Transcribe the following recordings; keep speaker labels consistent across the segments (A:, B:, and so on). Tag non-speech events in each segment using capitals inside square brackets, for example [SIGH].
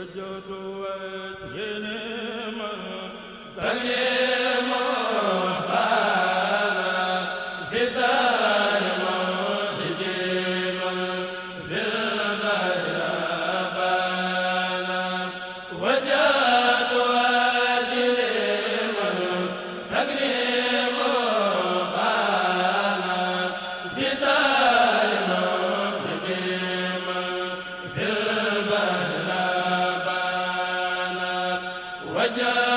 A: وجهت وجه من ja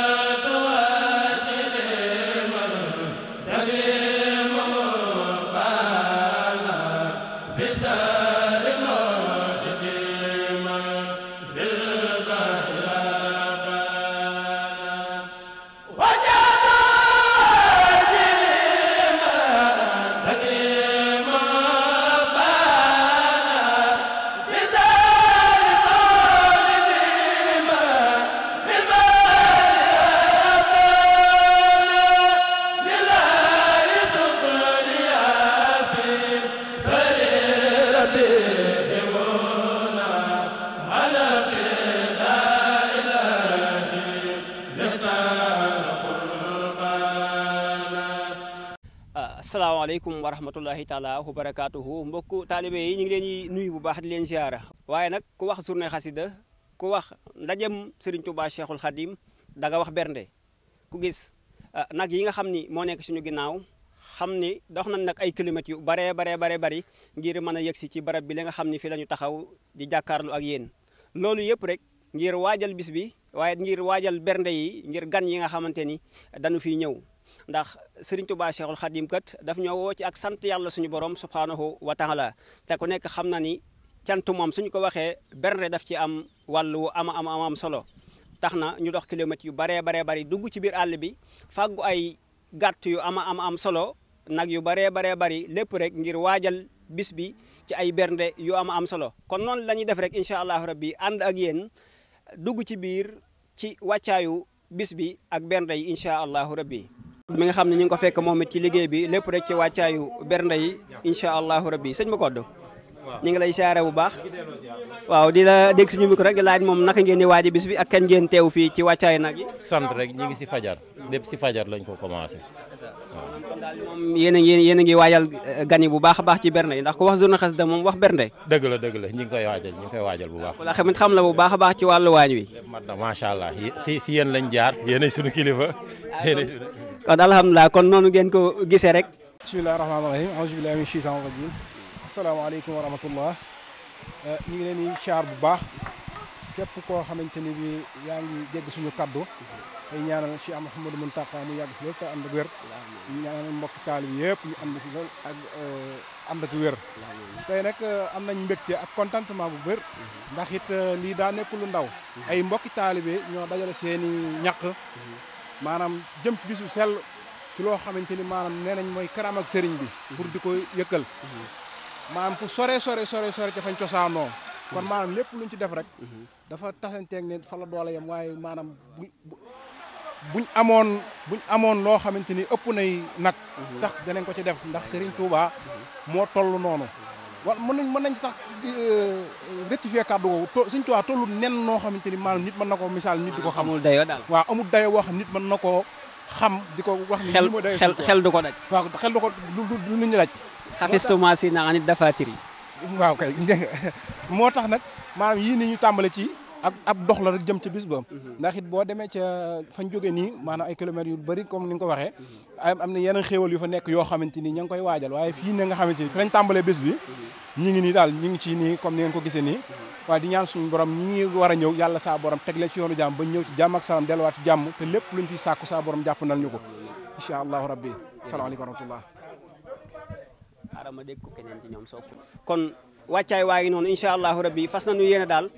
B: asalaamaaleykum wa rahmatullahi taala wa barakaatuhu mbokk taalibe yi ñu ngi leen di nuy bu baax di leen ziara waaye nag ku wax journée xasida ku wax ndajem Serigne Touba Cheikhul Khadim da wax bernde ku gis ah, nag yi nga xam ni moo nekk suñu ginnaaw xam ni dox nañ nag ay kilomètres yu baree bare baree bari ngir mën a yegsi ci barab bi la nga xam ni fii la ñu taxaw di jàkkaarlu ak yéen loolu yëpp rek ngir waajal bis bi waaye ngir waajal bernde yi ngir gan yi nga xamante ni dañu fiy ñëw ndax Serigne Touba Cheikhul Khadim kat daf ñoo woo ci ak sant yàlla suñu borom subhanahu wa taala te ko nekk xam na ni cant moom suñu ko waxee bernde daf ci am wàllu ama am solo tax na ñu dox kilomètres yu baree baree bari dugg ci biir àll bi fàggu ay gàtt yu ama am am solo nag yu baree baree bari lépp rek ngir waajal bis bi ci ay bernde yu ama am solo kon noonu la ñuy def rek incha allahu rabbi ànd ak yéen dugg ci biir ci wàccaayu bis bi ak bernde yi incha allahu rabbi mi nga xam ne ñu ngi ko fekk moom it ci liggéey bi lépp rek ci wàccaayu bernde yi incha allahu rabbi sëñ ma koddu ñu ngi lay siyaare bu baax waaw di la dégg suñu micro rek laaj moom naka ngeen di waaji bis bi ak kañ ngeen teew fii ci wàccaayu nag yi sant
A: rek ñu ngi si fajar lépp si fajar lañ ko commencé
B: yen daal yéen a ngi yéen eh, bu baax a ci bernde yi ndax ku wax moom wax bernde dëgg la dëgg ñu ngi koy waajal ñu ngi koy bu baax wala xamit xam la bu baax baax ci wàllu waañ wi mat na macha allah si si yéen lañ jaar yéenay suñu kilifa ah, kon alhamdulilah kon noonu ngeen ko gisee rek. bisimilah rahmaani rahiim alhamdulilah min shaytaan rajim
A: asalaamaaleykum wa rahmatullah eh, ñu ngi leen di xaar bu baax képp koo xamante ni bi yaa ngi dégg suñu kaddu tey ñaanal Cheikh Mouhamadou Mountakha mu yàgg fi loolu te ànd ak ñaanal mbokk taali bi yëpp ñu am fi loolu ak eh, ànd ak wér tey eh, am nañ mbégte ak contentement bu wér ndax it lii daa nekk lu ndaw ay mbokki taalibe ñoo dajale seeni ñàq maanaam jëm ci bisu sell ci loo xamante ni maanaam nee nañ mooy karam sëriñ bi pour di ko yëkkal maanaam fu sore sore sore sore ca fañ cosaanoo kon maanaam lépp luñ ci def rek dafa tasanteeg ne fa la doole yam waaye maanaam bu buñ amoon buñ amoon loo xamante ni ëpp nay nag sax danañ ko ci def ndax sëriñ Touba moo toll noonu wa mën nañ sax Euh, euh, rectifier kàddu woowu suñ tuwaa tollu nen noo xamante ni maanaam nit mën na koo misaal nit di ko xam amul dayo daal waaw amul dayo wax nit ma na koo xam di ko wax ni xel xel xel du
B: ko daj waaw xel du ko du lu ñu daj xafistuma si naa nit dafa tiri
A: waaw kay [LAUGHS] moo tax nag maanaam yii ni ñu tàmbali ci ak ab dox la rek jëm ci bis ba mhm. ndax it boo demee ca fañ jóge nii maanaam ay kilomètres yu bëri comme ni nga ko waxee am na yeneen xéewal yu fa nekk yoo xamante ni ña ngi koy waajal waaye fii ne nga xamante ni fi lañ tàmbalee bis bi mhm. ñi ngi nii nii comme ni ngeen ko gisee nii mhm. waaye di ñaan suñu war a ñëw yàlla saa borom tegle ci yoonu jàmm ba ñëw ci jàmm ak salaam delluwaat ci jàmm te lépp luñ fi sàkku saa borom jàpp nal ñu ko
B: incha allahu rabbi salaamaaleykum wa rahmatullah arama ko keneen ci ñoom soog kon wàccaay waa ngi noonu incha allahu rabbi fas nañu yéene daal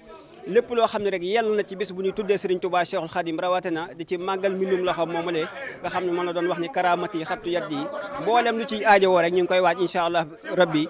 B: lépp loo xam ne rek yell na ci bis bu ñuy tuddee Serigne Touba Cheikhul Khadim na di ci màggal mbindum loxo moomalee nga xam ne moom la doon wax ni karaamati yi xattu yaddi yi mboolem lu ciy aajowoo rek ñu ngi koy waaj incha allah rabbi